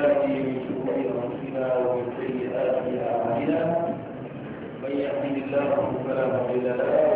بالله من شرور انفسنا ومن سيئات اعمالنا من يهده الله فلا مضل له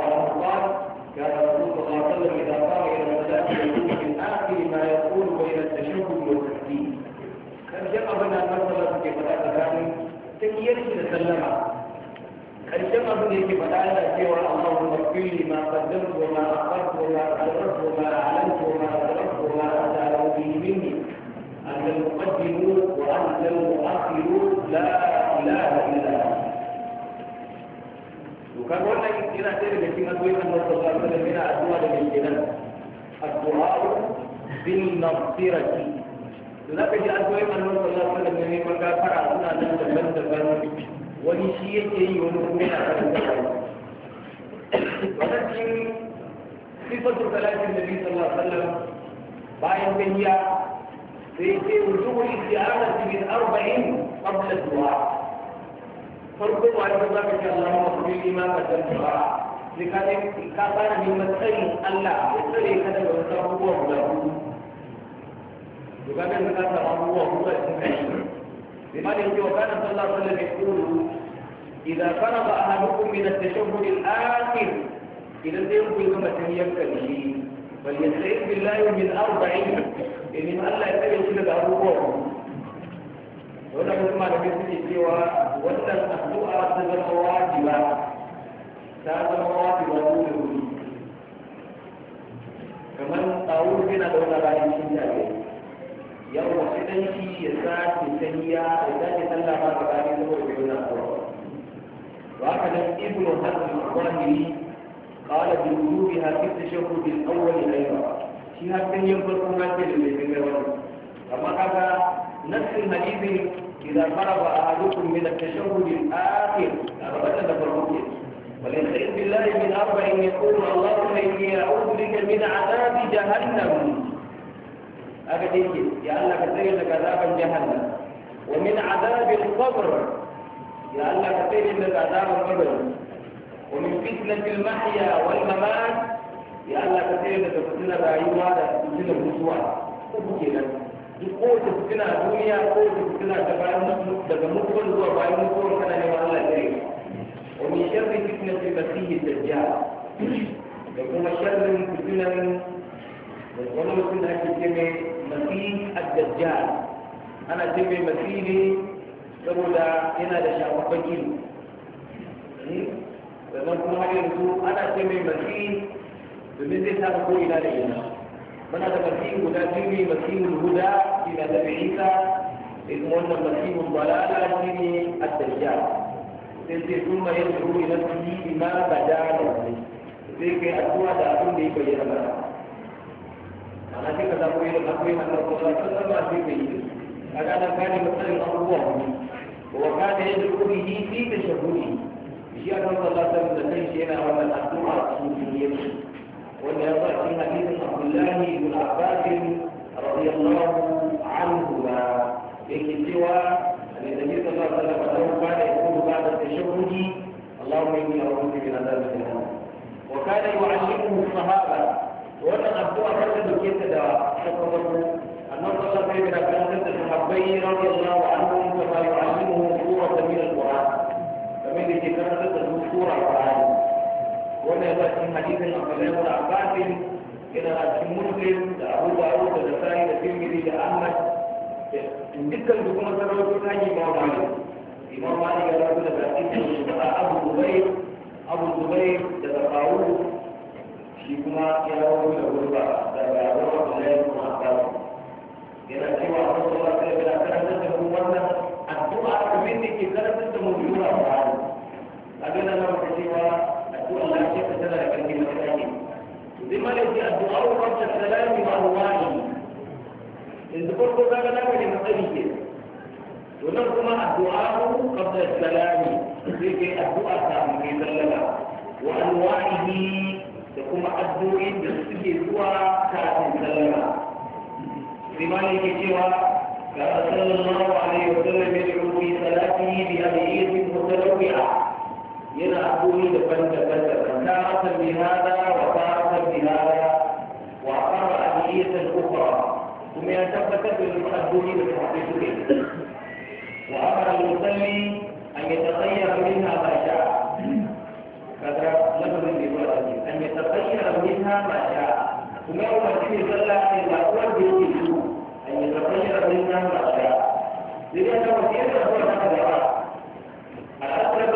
على رمضان كان الرسول صلى الله عليه وسلم إذا قام إلى من آخر ما يقول بين التشهد والتكبير كان جاء بنا مثلا في صلاة ثاني تكيير تسلم كان جاء بنا في فتاة سوى اللهم اغفر ما قدمت وما أخرت وما أسررت وما أعلنت وما أسرفت وما أسأله به مني أنت المقدم وأنت المؤخر لا إله إلا الله to kaga wannan yana ɗaya daga cikin addu'o'in Allah sallallahu alaihi wasallam yana addu'a da mai kenan addu'a bin nasirati to zaka ji addu'o'in Allah sallallahu alaihi wasallam ne man gafara suna nan daban daban wani shi yake yi wani kuma yana karanta wannan cikin sifatu talatin nabi sallallahu alaihi wasallam bayan tahiya sai sai wujuhul isti'anati min arba'in qabla du'a farko ba da za ka ce Allah ma ku bi ma ka san ba likane ka fara neman tsayin Allah ya tsare ka daga wasu abubuwa guda hudu duka kan ka samu abubuwa guda sun kai لماذا يقول كان صلى الله عليه وسلم يقول إذا فرغ أحدكم من التشهد الآخر إذا سيكون كما تهيئ فليستعيذ بالله من أربعين إن الله يتبع كل أبوه wannan wasu malamai suke cewa wannan addu'a ta zama wajiba ta zama wajiba ko da wuri kamar tsawon yana da wani bayan shi da ke yau wasu ɗan shi ya sake tahiya ya sake sallah ba gaba ne saboda bai wani addu'a wa haka nan ibnu hazm al-qahiri قال بوجوبها في التشهد الاول ايضا shi har sun yin farko na ce da mai gangar wani amma kaga nassin hadisin إذا فرغ أحدكم من التشهد الآخر أبدا فرغوك وللعلم بالله من أربع يقول اللهم إني أعوذ بك من عذاب جهنم أبديك يا الله كثيرك عذاب جهنم ومن عذاب القبر لأنك تجد عذاب القبر ومن فتنة المحيا والممات لأنك تجد كثيرك فتنة أيها فتنة الرسوة وكذا duk kowace fitina a duniya kowace fitina ta bayan mutu daga mutuwar zuwa bayan mutuwar kana ne neman Allah ya rage wa min sharri fitnatil masiih dajjal da kuma sharrin fitinan wani mutum da ake ce mai masiih ad-dajjal ana ce mai masiih ne saboda yana da shafaffen ilimi hmm? sannan kuma har yanzu ana ce mai masiih domin zai sa ko ina da ina muna da masihu guda biyu ne masihul huda shi na da isa sai kuma wannan masihul balala shi ne ad-dajjal sai sai kuma ya zuru ila fihi ma badala sai kai addu'a da abin da ya bayyana mana ana sai ka zaɓo da akwai hannun kuma sun ba sai ka yi a ranar gane matsalin abubuwa وكان يدعو به shi تشهده شيئا صلى الله عليه وسلم لديه شيئا ولا تحكم a رسول الله وإن يصح من حديث عبد الله بن عباس رضي الله عنهما يكي سوى النبي صلى الله عليه وسلم أنه كان يقول بعد التشهد اللهم إني أعوذ بك من عذاب جهنم وكان يعلمه الصحابة وأنا أبدو أن تدرك يتدى شكرا أنه صلى الله عليه وسلم بن تدرك رضي الله tabbata cikin hadisin Abdullahi ibn Abbas yana a cikin Muslim da Abu Dawud da Nasa'i da Tirmidhi da Ahmad dukkan su kuma ta yi Imam da hadisin da Abu Abu da Zafawu shi kuma ya rabu da gurba da yana cewa Allah sallallahu alaihi wa sallam da mu wannan addu'a da ke karantar da mu ba a cewa ko a lafiya ka tana da karfin mataki zai mana ji addu'a wa rabta salami wa ruwani yanzu farko ka ga naka ne matsari ke to nan kuma addu'a ku rabta salami zai kai addu'a kafin kai sallama wa alwa'ihi da kuma da suke cewa كان صلى الله عليه وسلم يدعو في صلاته بأدعية متنوعة yana abubuwa daban-daban daban ta asar bi hada wa ta asar bi hada wa akara aliyatan ukra kuma ya tabbatar da wasu addu'o'i da sahabbai suke wa amara al-musalli an yataghayyara minha ma sha'a kaga lafazin da ya fara an yataghayyara minha ma sha'a kuma ya umarci mai sallah ne ba uwar da yake su an yataghayyara minha ma sha'a sai ya tabbatar da wasu addu'o'i da sahabbai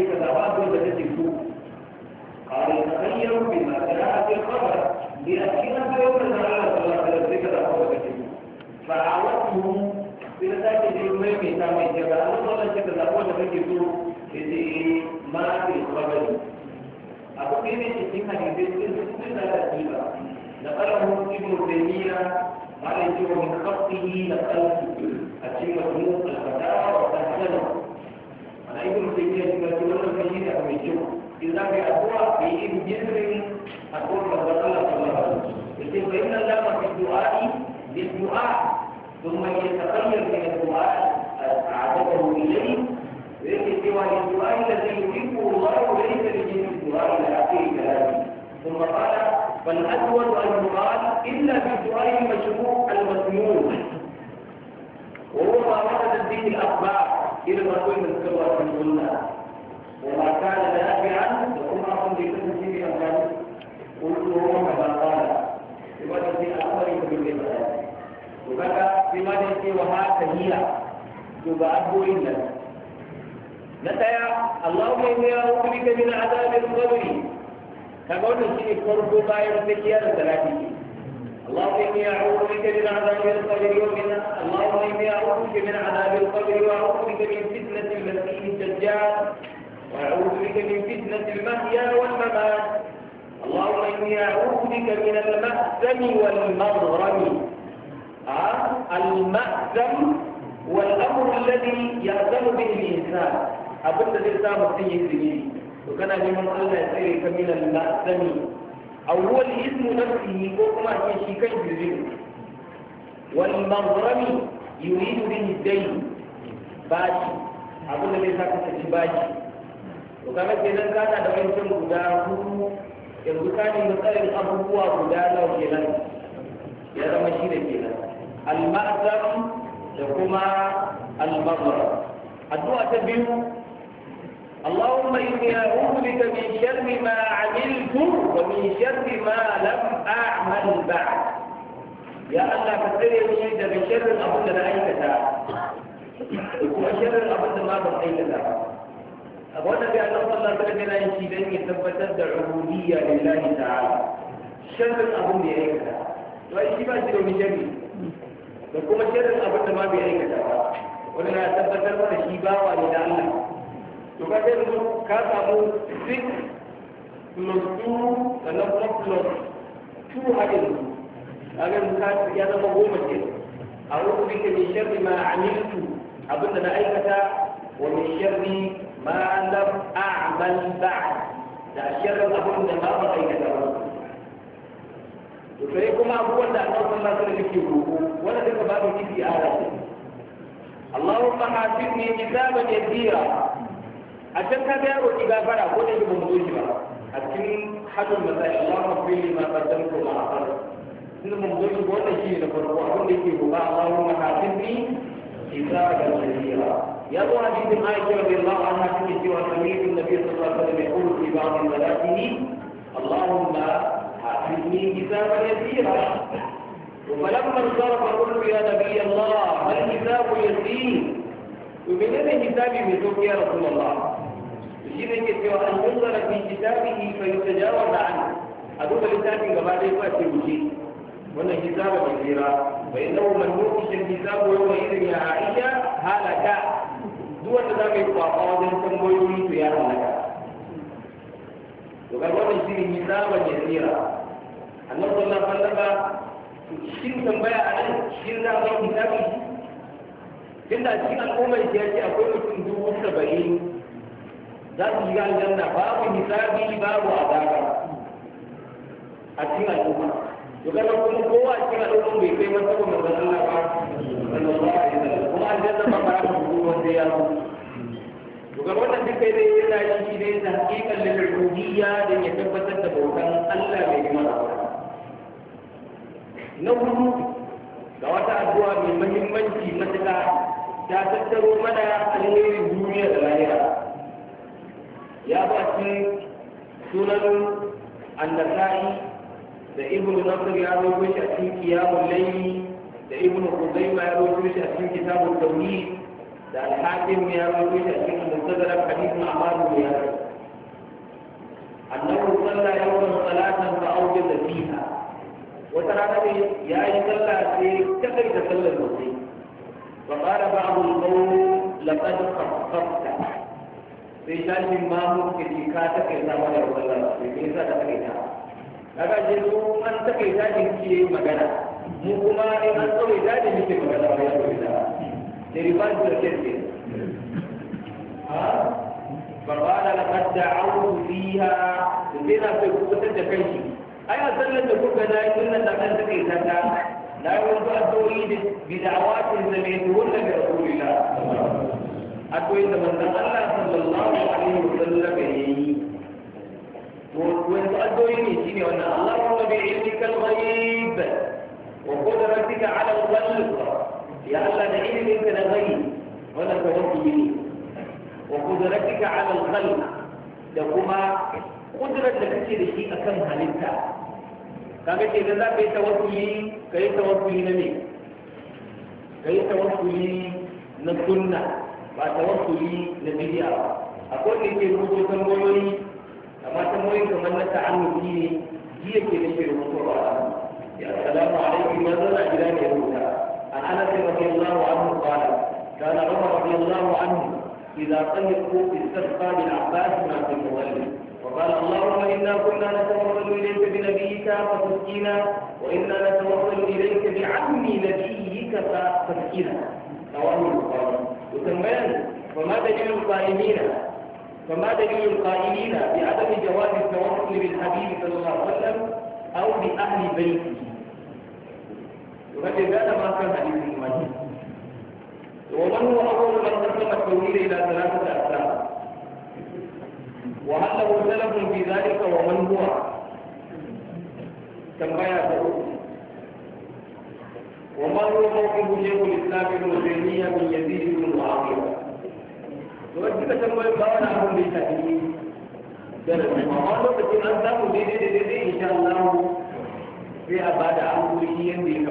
والدعاء الذي يحبه الله ليس بجنس الدعاء الى اخر كلامه ثم قال فالاسود ان يقال الا بدعاء المشروع المسموع وهو ما وردت به الاخبار الى الرسول من سوره الجنه وما كان نافعا وامرهم لتنزيل امرهم قلت هو كما قال لماذا في اخبركم بالعبادات وبكى لماذا في وهاك هي تبعث الا نتايا اللهم إني أعوذ بك من عذاب القبر كما قلنا شيء فرق باير بكيار ثلاثة اللهم إني أعوذ بك من عذاب القبر ومن اللهم إني أعوذ بك من عذاب القبر وأعوذ بك من فتنة المسيح الدجال وأعوذ بك من فتنة المحيا والممات اللهم إني أعوذ بك من المأثم والمغرم آه؟ المأثم والأمر الذي يأثم به الإنسان abin da zai samu sun yi zini to kana neman Allah ya tsere ka min al-ma'sami awwal ismu nafsihi ko kuma ake shi kan zini wal maghrami yuridu bihi dai? baji abin da zai sa ka ci baji to kaga kenan kana da wancan guda hudu yanzu ka ne tsarin abubuwa guda nawa kenan ya zama shi da kenan al-ma'sam da kuma al-maghrami addu'a ta biyu اللهم إني أعوذ بك من شر ما عملت ومن شر ما لم أعمل بعد يا الله يا يشيد من شر أبدا لا أيكتا وكما شر أبدا ما بقيت أيكتا أبونا بأن الله تعالى لا يشيد أن يثبتت العبودية لله تعالى شر أبدا طيب، لا أيكتا وإشتباه سلو بشري وكما شر أبدا ما بأيكتا ولنا ثبتت ونشيبا ولله to ka ga yanzu ka samu 6 plus 2 sannan kuma plus 2 a yanzu a yanzu ka ya zama goma ce a wani ka mai sharri ma amiltu abinda na aikata wa mai sharri ma lam a'mal ba da sharrin abin da ba ba aikata ba sai kuma abubuwan da a sallallahu masu da yake roƙo wanda duka babu kifi a rayuwa اللهم حاسبني حسابا يسيرا عشان كان بيعرف إذا فعل أقول إنه بمضوج ما أكن حد المسائل الله في اللي ما قدمته ما أخر إنه بمضوج هو نجي نقول هو أقول إنه بقى الله ما حاسبني إذا كان سيرا يبقى حديث ما يجب الله أن حاسب سوى سميع النبي صلى الله عليه وسلم يقول في بعض ملاته اللهم حاسبني حسابا يسيرا فلما انصرف قلت يا نبي الله ما الحساب يسير ومن هذا الحساب يا رسول الله shi ne ke cewa an yanzara fi kitabihi fa da anhu a duba littafin gaba ɗaya ba ce wuce wannan kitabu mai tsira bai nau man lokacin kitabu wani mai irin ya aisha halaka duk wanda za ka yi kwakwa wajen tambayoyi to ya halaka to ga wannan shi ne kitabu mai tsira annabi sallallahu alaihi wasallam shin tambaya a nan shin za a yi kitabu tunda cikin al'ummar ya ce akwai mutum dubu saba'in za su aljanna babu hisabi babu azaba a cikin al'umma to kaga kuma kowa a cikin al'umma bai kai masa ba manzon Allah ba sallallahu alaihi wasallam kuma aljanna ba fara ku duk wanda ya zo to kaga wannan duka dai yana shi ne da hakikan lil'ubudiyya da ya tabbatar da bautan Allah mai mara na hudu ga wata addu'a mai muhimmanci matuƙa ta tattaro mana alherin duniya da lahira ya ba sunan annasa'i da ibn nasir ya roƙo shi a cikin kiyamun laili da ibn huzaima ya roƙo shi a cikin kitabun tauhid da al ya roƙo shi a cikin mustadrak hadithun amaru ya annabi Sallah ya wasallam salatan fa da fiha wata rana ne ya yi sallah sai kadai da sallar Ba fa qala ba'd al-qawl laqad khaffafta sai tashin mamu ka ji ka takaita mana da wannan sai me yasa ka takaita kaga je su an takaita din ke magana mu kuma in an ta dadi muke magana ba ya tsare da da riban da kake ha فقال لقد دعوت فيها لدينا في قوة تكيشي أي أسلم تقول كذلك إن تكن تكيشا لا يرجو التوحيد بدعوات سمعتهن برسول الله akwai da manzon Allah sallallahu alaihi wasallam ya yi wani addu'o'i ne shine wannan Allahumma bi ilmikal ghaib wa qudratika ala al-khalq ya Allah da ilminka na ghaib wannan tawakkuli ne wa qudratika ala al-khalq da kuma kudrar da kake da shi akan halitta kaga ce da za ka yi tawakkuli ka tawakkuli na me ka tawakkuli na sunna ba ta tawakkuli na bidiya ba akwai da yake rubuto tambayoyi amma tambayoyin kamar na ta'annuki ne jiya ke nake rubuto ba ya assalamu alaikum ya zana gida ne rubuta an ana sai radiyallahu anhu qala kana umar radiyallahu anhu إذا طلقوا استسقى للعباس ما في المغلب وقال اللهم إنا كنا نتوصل إليك بنبيك فتسكينا وإنا نتوصل إليك بعم نبيك فتسكينا رواه البخاري وتنبين فما دليل القائمين فما دليل القائمين بعدم جواز التوصل بالحبيب صلى الله عليه وسلم أو بأهل بيته ومن هذا ما كان حديث المجيد ومن هو أول من قسم التوحيد إلى ثلاثة أقسام وهل له سلف في ذلك ومن هو تنبيه وما هو موقف شيخ الاسلام ابن تيميه من يزيد بن معاويه وجدت tambayoyin ba wani abin da ya tafi darasi amma lokacin an samu daidai a bada amsoshi yadda ya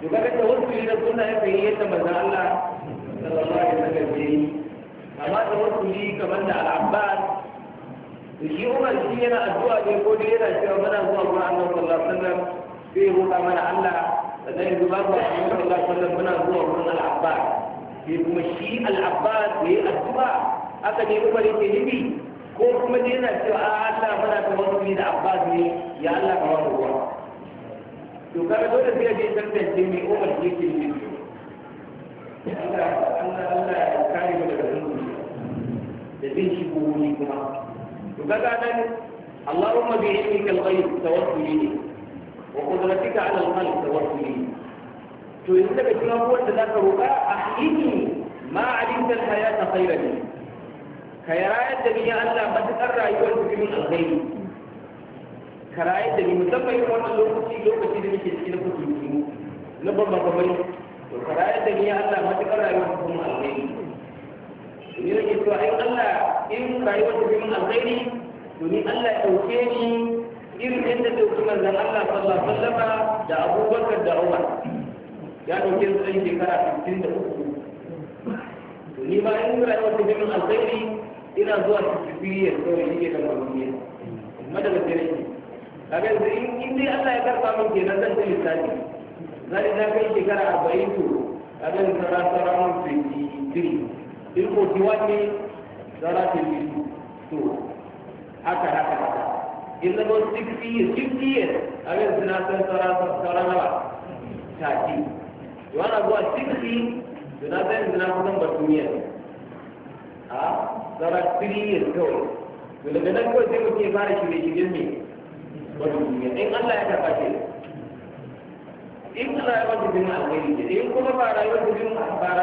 ta wasu ne da sunna ya kai yadda manzo Allah sallallahu alaihi wasallam ya shi shi yana addu'a ne ko dai yana cewa mana zuwa gurin Allah sallallahu alaihi wasallam sai ya roƙa mana Allah annabi sallallahu alaihi wa sallam muna zuwa wurin al-abbas sai kuma shi al-abbas yayi addu'a aka ne umar yake nufi ko kuma dai yana cewa Allah muna tawassuli da abbas ne ya Allah ka wani ruwa to kaga dole sai ya je tantance me umar yake nufi Allah Allah ya kare mu daga zunubi da bin shi kuma to kaga nan اللهم بعلمك الغيب توكلي وقدرتك على المال والتمييز to yanzu daga cikin abubuwan za ka roƙa a خيرا ma alimtar haya ta ka yi rayar ni Allah matuƙar rayuwar su cikin alkhairi ka rayar ni musamman yin لو lokaci lokaci da muke cikin kusurci na babban babban to ka ni Allah rayuwar Allah in rayuwar su cikin alkhairi to ni Allah ya ɗauke ni irin yadda ta wuce manzan Allah sallallahu alaihi wasallam da abubakar da Umar ya dauke su ɗan shekara 63 to ni ba in rayuwar ta jami'in alƙairi ina zuwa tafiyar kawai shi ke da mamamiyar amma daga gare ni kaga yanzu in dai Allah ya karfa min kenan zan ta lissafi zai na kai shekara 40 to kaga yanzu na sauran 23 in 41 ne sauran 22 to haka haka haka in zama 60 years 50 years a yau suna san sauran hawa 30 yana zuwa suna suna kusan a sauran 3 years kawai to daga nan kawai ya fara shirye shiryen ne batun years in Allah ya karɓa shi in Allah ya wata bin in kuma ba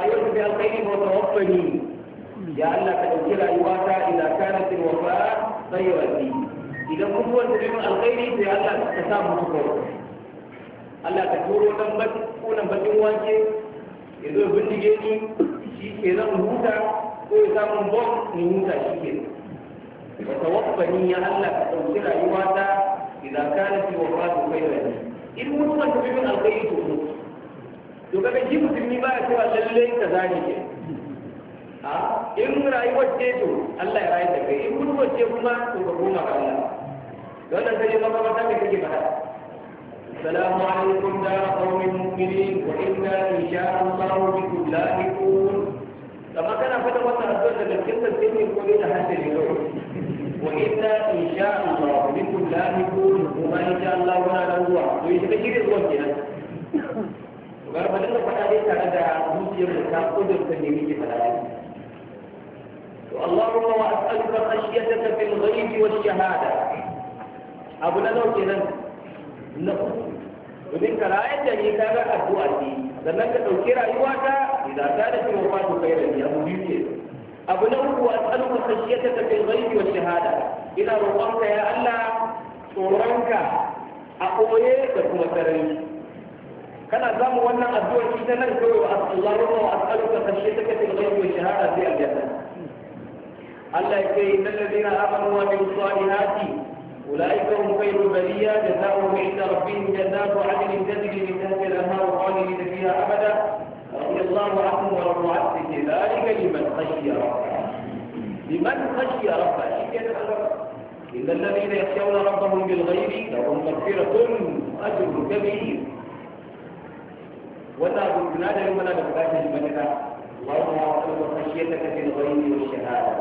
ya ka dauki rayuwata ila kanatin wafa sayyati idan mutuwar da neman alkhairi sai Allah ka sa mutu kawai Allah ka turo nan baki ko nan bakin wake ya zo bindige ni shi ke nan huta ko ya samu bom ni huta shi ke wa tawaffani ya Allah ka dauki ta idan kana fi wafatu khairan in mutuwar da neman alkhairi to to kaga ji musulmi ba ya cewa lalle ka zani ke ah, in rayuwar ce to Allah ya rayu da kai in mun ce kuma to ba kuma Allah لأن زي مرة ثانية تجي السلام عليكم دار قوم مؤمنين وإنا إن شاء الله بكم لا لاحقون لما كان فتح وصل الدولة لكن الدين يقول لنا هذا اليوم وإنا إن شاء الله بكم لا لاحقون وما إن شاء الله ولا نوع ويشبكي الوجه وقال لنا فتح ليس هذا مسلم وكاقود التنمية فلا اللهم وأسألك خشيتك في الغيب والشهادة abu na nauke nan na uku domin ka rayar da ni ka ga addu'a ce sannan ka ɗauki rayuwa ta idan ta da shi kai abu biyu ne abu na uku a tsanuka kashiyata ta kai gaibi wa shahada ina roƙonka ya Allah tsoronka a ɓoye da kuma sarari kana samun wannan addu'ar ta nan kawai wa Allahumma wa as'aluka wa shahada aljanna Allah ya kai أولئك هم خير البرية جزاؤهم عند ربهم جزاء عدل تجري من تحت الأنهار خالدين فيها أبدا رضي الله عنهم ورضوا عنه ذلك لمن خشي ربه لمن خشي ربه إن الذين يخشون ربهم بالغيب لهم مغفرة أجر كبير ولا من هذا يوم لا تفتح لمنك اللهم أعطنا خشيتك في الغيب والشهادة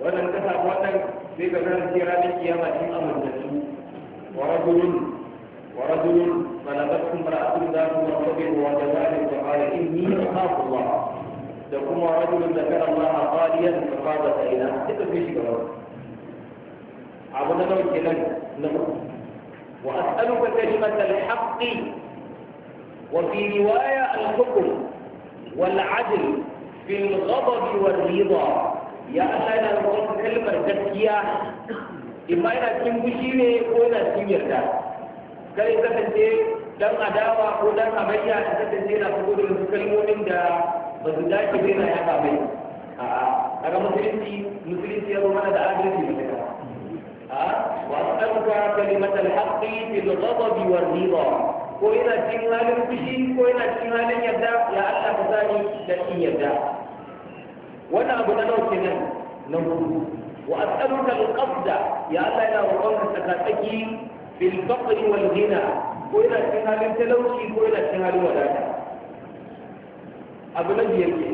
ولن تفعل وأنك في بدل كيرا لكيامة أمر نسو ورجل ورجل طلبته امرأة ذات مرتب وجوال فقال إني أخاف الله تقوم رجل ذكر الله غاليا فقال سيدا حتى في شيء غلط عبدنا وكلم نمر وأسألك كلمة الحق وفي رواية الحكم والعدل في الغضب والرضا ya asa yana roƙon kalmar gaskiya in ma yana cikin fushi ne ko yana cikin yarda kare kasance dan adawa ko dan hamayya ta kasance yana fito da wasu kalmomin da ba su dace ba yana yaɗa mai a ga musulunci musulunci ya zo mana da adalci ne وأسألك haƙƙi الحق في الغضب والرضا ko yana cikin halin fushi ko yana cikin halin yadda ya Allah ka sani da in yadda وانا ابو نو كنن واسالك القصد يا الله يا رب تكاتكي في الفقر والغنى وإلى كنال تلوشي وإلى كنال وداتا أبو نجي يجي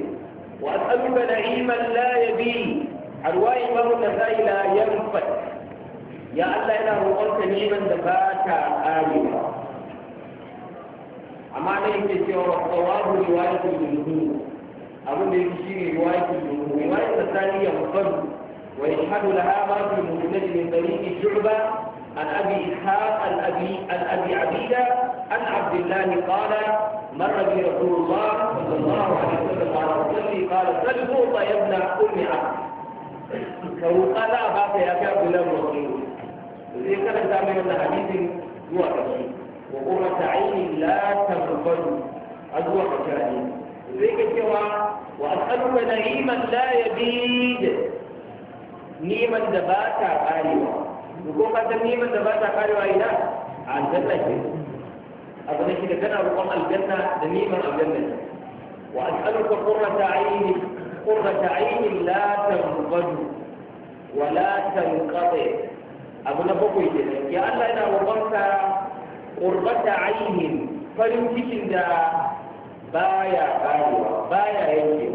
وأسألك نعيما لا يبي الواي مر لا ينفت يا الله إلا هو نعيما دفاتا آمنا أما نيجي سوى الله رواية الجنود أقول لي بشير رواية الجنوب رواية الثانية مقدم ويشهد لها مرض من نجم بني شعبة عن أبي إسحاق عن أبي, أبي عبيدة عن عبد الله قال مر بي رسول الله صلى الله عليه وسلم قال رسول قال سل فوطة يا ابن أم عبد فهو قال لا أخاف يا كعب لا مرسول لذلك كان الزامن أن حديث هو رسول وقرة عين لا تنفذ sai ka cewa wa as'aluka na'iman la yabid niman da ba ta karewa ko ka san niman da ba ta karewa ina aljanna ke abu ne shi da kana roƙon aljanna da niman aljanna ne wa as'aluka qurrata ayni qurrata ayni la tanfadu wa la tanqati abu na bakwai kenan ya Allah ina roƙonka qurbata ayni farin cikin da بايا بايا بايا ينكي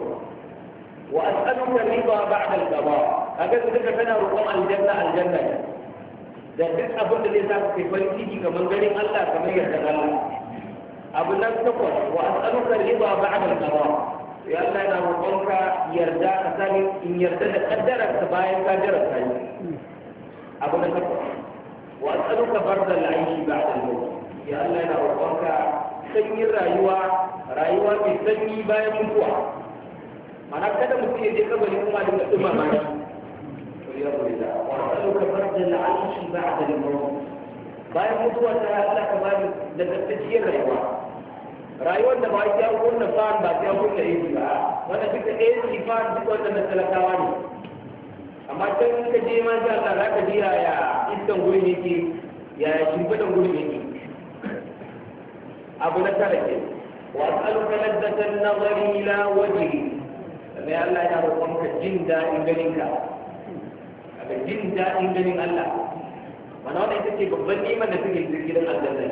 وأسألك الرضا بعد القضاء هكذا ذكر tana رقم aljanna-aljanna da duk abin da zai sa ka kai ciki kamar garin Allah kamar yadda Allah abu nan takwas wa as'aluka riba ba'da al-qada ya Allah na roƙonka yarda ka sani in yarda da kaddarar ka bayan ka jira ka yi abu nan takwas wa as'aluka barda al-aishi ba'da al-maut ya Allah na roƙonka sanyin rayuwa rayuwa mai sanyi bayan mutuwa ana kada mutum ya je kabari kuma da mutum ma bayan bayan mutuwa ta Allah ka bani da tattaciyar rayuwa rayuwar da ba ya kunna fan ba ya kunna yi ba wanda duka AC fan duk wanda na talakawa ne amma can ka je ma za ka ji yaya iskan gurin yake yaya shimfiɗan gurin ke. abu na tara ke wa as'aluka ladzatan nazari ila waje mai Allah ya roƙon ka jin daɗin ganin ka ka jin daɗin ganin Allah mana wannan ita ce babban niman da suke jirgin aljanna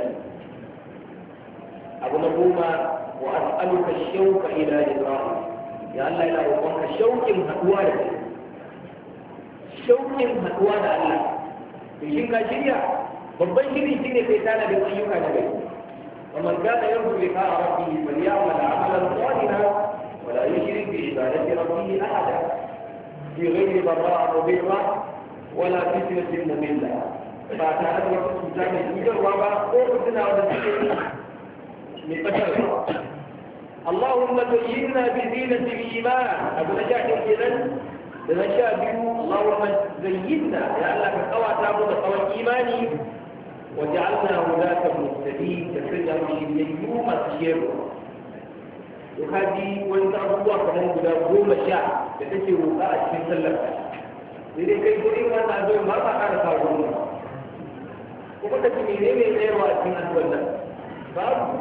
abu na goma wa as'aluka shauka ila liqa'i ya Allah ya roƙon ka shauƙin haɗuwa da kai shauƙin haɗuwa da Allah to shin ka shirya babban shiri shine kai tana da ayyuka da kai ومن كان يرجو لقاء ربه فليعمل عملا صالحا ولا يشرك بعبادة ربه أحدا في غير براء مضرة ولا فتنة مضلة فأتى أدرك السلطان المجربة أخذنا ونسكت اللهم زينا بزينة الإيمان أبو نجاح إذن لنشاء اللهم زينا لأنك قوى تعبد قوى إيماني وجعلنا ولاة المهتدين كسجن النجوم الشر وهذه وانت أبوها كمان بلا قوم شاء تتشي وقاء الشيء سلم إذا كيف يقول أن أدوه ما تقال فارغون وقد تميني من غير وقتين أسولا فأبو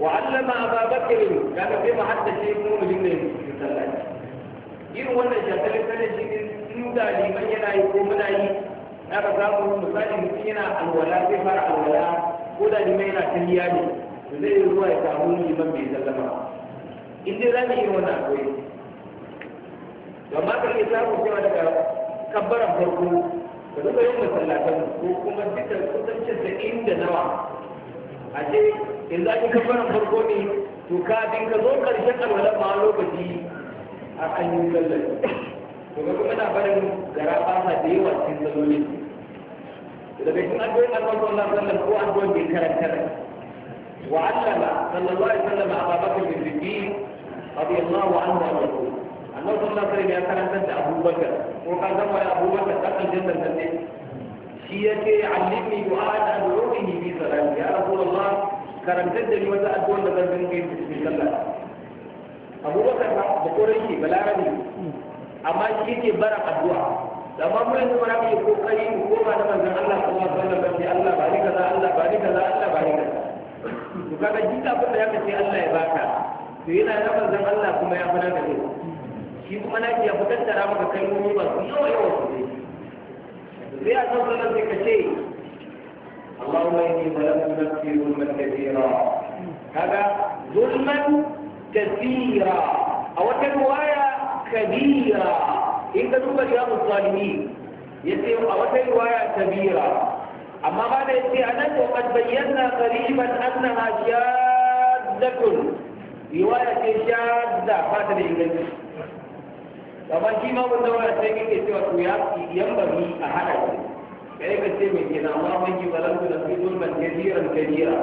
وعلم أبا بكر كان في محد شيء مؤمن من سلم إن وانا شاكل سنة شيء يودا لمن ينعي قوم نعي na ka samu misali mutum yana alwala zai fara alwala ko da limai yana ta liya ne to zai yi zuwa ya samu liman bai sallama in dai za mu yi wannan akwai to amma kan iya samu cewa daga kabbaran farko da suka yin masallatan ko kuma duka kusancin da inda nawa a ce in za ki kabbaran farko ne to kafin ka zo karshen alwalan ma lokaci a kan yi sallar to ga kuma na barin gara ba da yawa cikin sallolin daga cikin addu'o'in Allah sallallahu alaihi wasallam ko addu'o'in da karantar wa allama sallallahu alaihi wasallam Abu Bakr bin Siddiq radiyallahu anhu an yaqul Allah sallallahu alaihi wasallam ya karantar da Abu Bakr ko ka zama ya Abu Bakr da kan jannar nan ne shi yake allimni du'a'an ad'u'ihi bi salati ya rasulullah karantar da ni wata addu'o'in da zan dinga yi cikin sallah Abu Bakr ba da korai balarabi amma shi ke bara addu'a amma yi kokari mu koma da manzon sallallahu alaihi wasallam Allah ba kaza Allah ba kaza Allah ba kaza kaga duk abin da Allah ya baka to yana da Allah kuma ya da shi kuma ya fitar da ba su yawa yawa su sai a wata sallan sai اللهم إني ظلمت نفسي ظلما كثيرا هذا ظلما كثيرا أو كبيرة in ka duba imamu zalimi ya ce a wata riwaya bira, amma ba da ya ce a nan to kad bayyana qariban annaha shaddatun riwaya ce shadda ba ta da inganci amma shi ma mun dawo ta yi ke cewa to ya yan bari a hada shi kai ka ce mai kenan amma mun yi balantu da su zulman kabiran kabira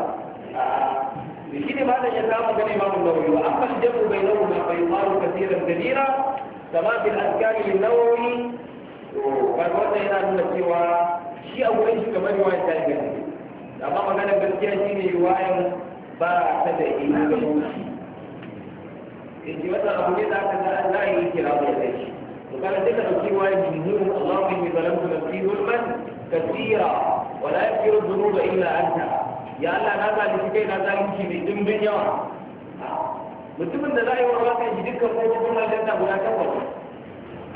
shi ne ba da ya kama gane imamu nawawi wa amma jabu bainahu ma bai faru kabiran kabira kama bil azkari lin nawawi kan wannan yana nuna cewa shi a wurin kamar yawan ta ga amma magana gaskiya shine yawan ba ta da inganci in ji abu ne da aka ga Allah ya yi kira da shi to kana duka dauki wa jumhur Allah bin zalamtu nafsi zulman kathira wa la yaghfiru dhunuba illa anta ya Allah na zalunci kai na zalunci mai dimbin yawa mutumin da za a yi wa waka ji dukkan ko kuma kofofin aljanna guda takwas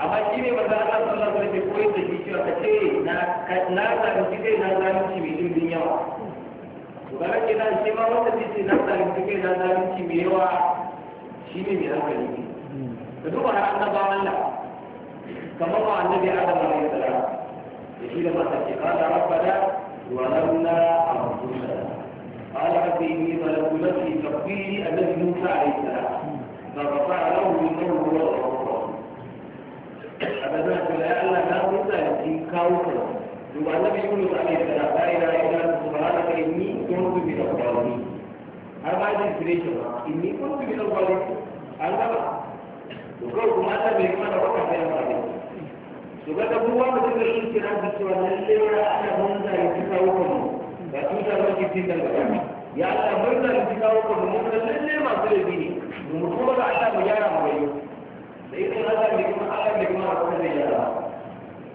amma shi ne manzo Allah sallallahu alaihi wasallam koyar da shi cewa kace na na zalunci kai na zalunci mai dimbin yawa to ga rake na shi ma wanda ce na zalunci kai na zalunci mai yawa shi ne mai hankali ne da duba har an ba Allah kamar ma annabi Adam alaihi salam da shi da masa ce qala rabbada wa lana anfusana qala rabbi inni فيه الذي موسى عليه السلام فرفع له منه هو أبدا فلا ألا لا موسى يجيب كاوكا يبقى النبي يونس عليه السلام لا إله إلا أنت سبحانك إني كنت من الظالمين هذا ما يجب إنسبريشن إني كنت من الظالمين هذا وكوكم أنا بإيمان وقع في الظالمين Suka ta kowa da suka yi kira da cewa lallai ana wanda ya fi kawo kuma ba su da wakil cikin da ya Allah murna da kika kawo ku mu da lalle masu laifi ne mu kuma da Allah mu yara mu bayo da idan Allah ne kuma Allah ne kuma ku da yara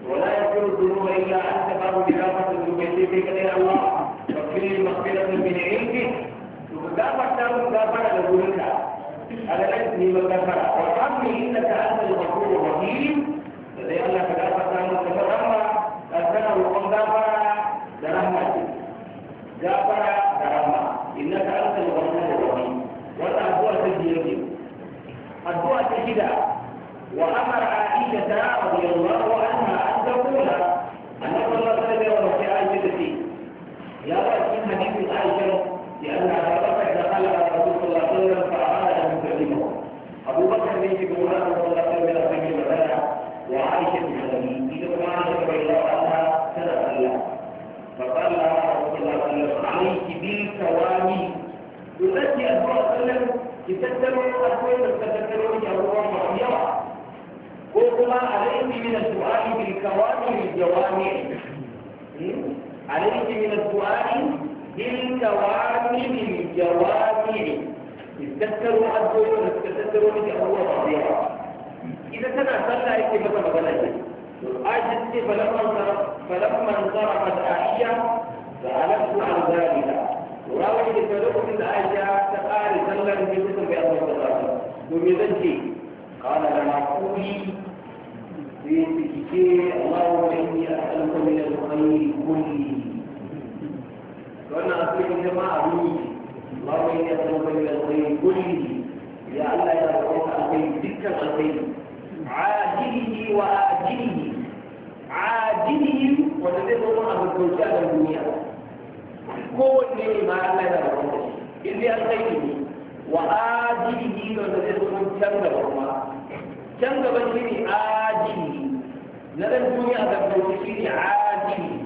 wala yakuru dhunuba illa anta babu dirafatu dhunubi sai kai kada Allah fakiri maghfiratu min ilmi to da fata mu da fara da gurinka ala ne ba ka fara wa rabbi innaka antal ghafurur rahim da Allah ka da fata mu da rahma da sanar da rahma da rahma gafara da rahma ta biyar ne addu'a ta shida wa amara aisha ta radiyallahu anha an taqula sallallahu alaihi wa sallam ya ce ya ba cikin hadisin aisha ya Allah ya baka da Allah sallallahu alaihi wa sallam abubakar ne ke gona يؤدي أدوار السلم يتسلم أدوار التذكرون يروى مريضا وهما عليك من السؤال بالكوامر الجوامع عليك من السؤال بالكوامر الجوامع يتذكروا أدوار التذكرون يروى مريضا إذا كان أسألنا أيكي مثلا بلدي آية أجد فلما انصرفت أحيا فألفت عن ذلك ya wani da lokacin da aisha ta ƙare sallar da suka bai Allah ta zafi domin zan ce kana da makuri sai su kike Allahu inni as'aluka min al-khayri kulli wannan asirin jama'a ne Allahu inni as'aluka min al-khayri kulli يا الله يا رب الخير ذكر الخير عاجله وآجله عاجله وتذكر الله بالكوشات الدنيا kowanne ne ma Allah yana da kuma shi in dai alkhairi ne wa ajilihi wanda zai zama can gaba kuma can gaba shi ne ajili na ɗan duniya da kuma shi ne ajili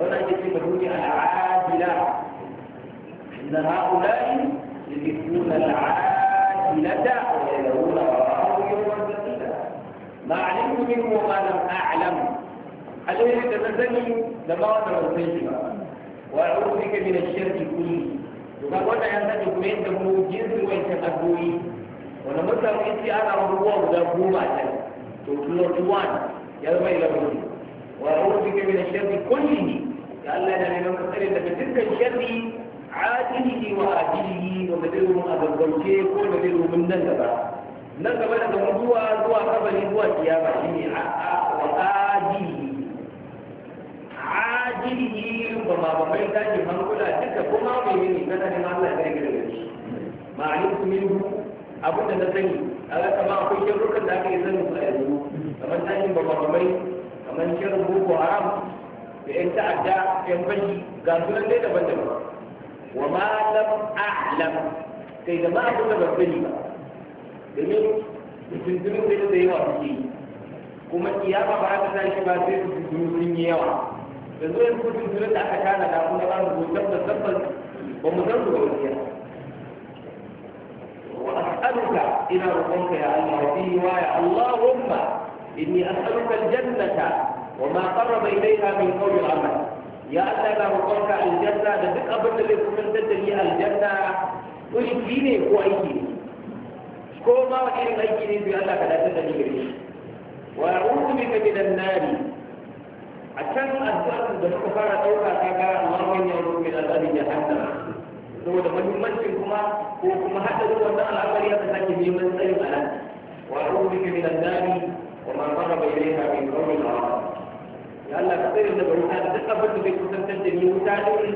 wannan ake ce ma duniya al'ajila إن هؤلاء يجدون العاجلة ويذرون وراءهم يوما ثقيلا ما علمت منه ما لم أعلم الذي تتزني لما رأى وأعوذ بك من الشر كله وقال وانا ينتج كمين دمو جنس وانت أبوي وانا مثلا انت أنا ربوه وده هو بعد تقول جوان يا رب إلى بني وأعوذ بك من الشر كله قال لنا لأنه مثلا إذا بتلك الشر عاجله وآجله ومدره أبو الزوجي كل مدره من نزبة نزبة لكم زوا زوا قبل زوا كيابة شميعة وآجله ajilihi ba ma ba mai tashi hankula duka kuma mai yi ne kana ne Allah ya gare gare shi ma'anin su min abin da na sani Allah ga kama akwai shirrukan da aka yi sanin su a yanzu kamar tashin ba ba mai kamar shirin boko haram da yan ta'adda yan fashi ga sunan dai daban-daban wa ma lam a'lam kai da ma abin da ba sani ba domin tuntunin sai da yawa suke yi kuma kiyama ba haka tashi ba sai su tuntunin sun yi yawa yanzu yin kudin jirin da aka kana da kuma ba mu tabbas tabbas ba mu san zuwa gaskiya wa as'aluka ina roƙonka ya Allah wa bihi wa ya Allahumma inni as'aluka al-jannata wa ma qarraba ilayha min qawli al-amal ya Allah ina roƙonka aljanna da duk abin da zai kuma tattali aljanna kulki ne ko aiki ne ko ma wani irin aiki ne bi Allah ka dace da ni gare shi wa a'udhu bika minan nari a can addu'ar da suka fara ɗauka ta ga Allahumma ya rubu min ya jahannam saboda muhimmancin kuma ko kuma hadarin wannan al'amari ya sake neman tsayin a nan wa rubu min al'adin wa ma fara bai rai ha min kawai na ya Allah ka tsare da bauta da duk abin da zai kusantar da ni wuta din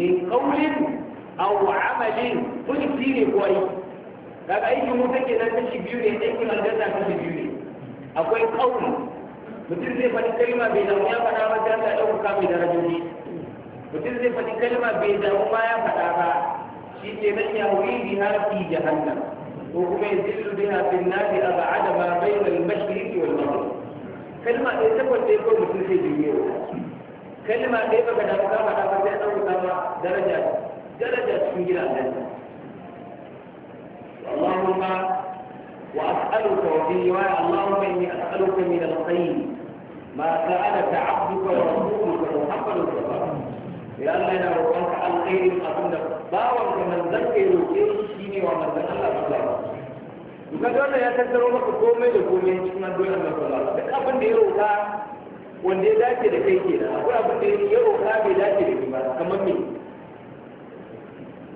min qawlin aw amalin kun ne ko ai daga aikin wuta kenan kashi biyu ne aikin aljanna kashi biyu ne akwai qawli mutum zai faɗi kalma bai damu ya faɗa ba sai Allah ya ɗauka mai darajoji mutum zai faɗi kalma bai damu ba ya faɗa ba shi ke nan ya wuri biha fi jahannam ko kuma ya zillu biha fi nadi a ba'ada ma bainal mashriqi wal maghrib kalma ɗaya takwas ɗaya ko mutum zai biyo kalma ɗaya baka damu ka faɗa ba sai ɗauka ma daraja daraja cikin gida Allah اللهم وأسألك وفي رواية اللهم إني أسألك من الخير ما سألك عبدك ورسولك محمد صلى الله يا الله انا روحك باور من ذلك يوكيل شيني ومن ذلك الله صلى الله عليه ya tattaro maka komai da komai cikin addu'ar nan sallallahu alaihi abin da ya roka wanda ya dace da kai kenan akwai abin da ya roƙa bai dace da kai ba kamar me